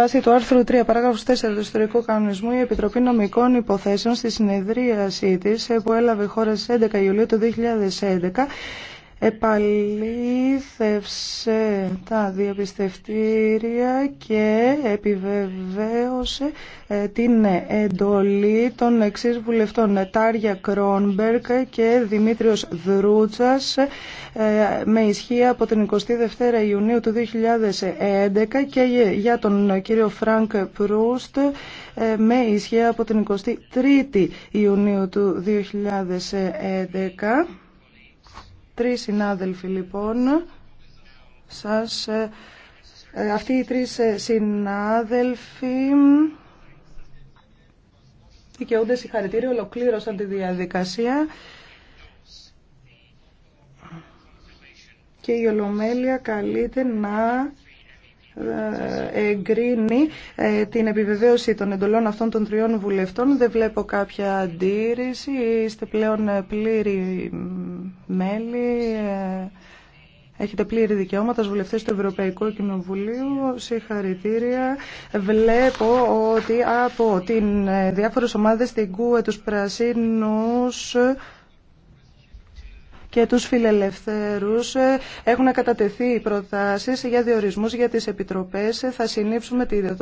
Βάσει του άρθρου 3, παράγραφο 4 του ιστορικού κανονισμού, η Επιτροπή Νομικών Υποθέσεων στη συνεδρίασή τη, που έλαβε χώρα στι 11 Ιουλίου του 2011 επαλήθευσε τα διαπιστευτήρια και επιβεβαίωσε ε, την εντολή των εξής βουλευτών Τάρια Κρόνμπερκ και Δημήτριος Δρούτσας ε, με ισχύ από την 22 Ιουνίου του 2011 και για τον κύριο Φρανκ Προύστ ε, με ισχύ από την 23 η Ιουνίου του 2011. Τρεις συνάδελφοι λοιπόν, σας, ε, ε, αυτοί οι τρεις ε, συνάδελφοι δικαιούνται συγχαρητήρια ολοκλήρωσαν τη διαδικασία και η Ολομέλεια καλείται να εγκρίνει την επιβεβαίωση των εντολών αυτών των τριών βουλευτών. Δεν βλέπω κάποια αντίρρηση. Είστε πλέον πλήρη μέλη. Ε, έχετε πλήρη δικαιώματα βουλευτέ βουλευτές του Ευρωπαϊκού Κοινοβουλίου. Συγχαρητήρια. Βλέπω ότι από την ε, διάφορες ομάδες, την ΚΟΕ, τους Πρασίνους και τους φιλελευθέρους ε, έχουν κατατεθεί οι προτάσεις για διορισμούς για τις επιτροπές. Θα συνήψουμε τη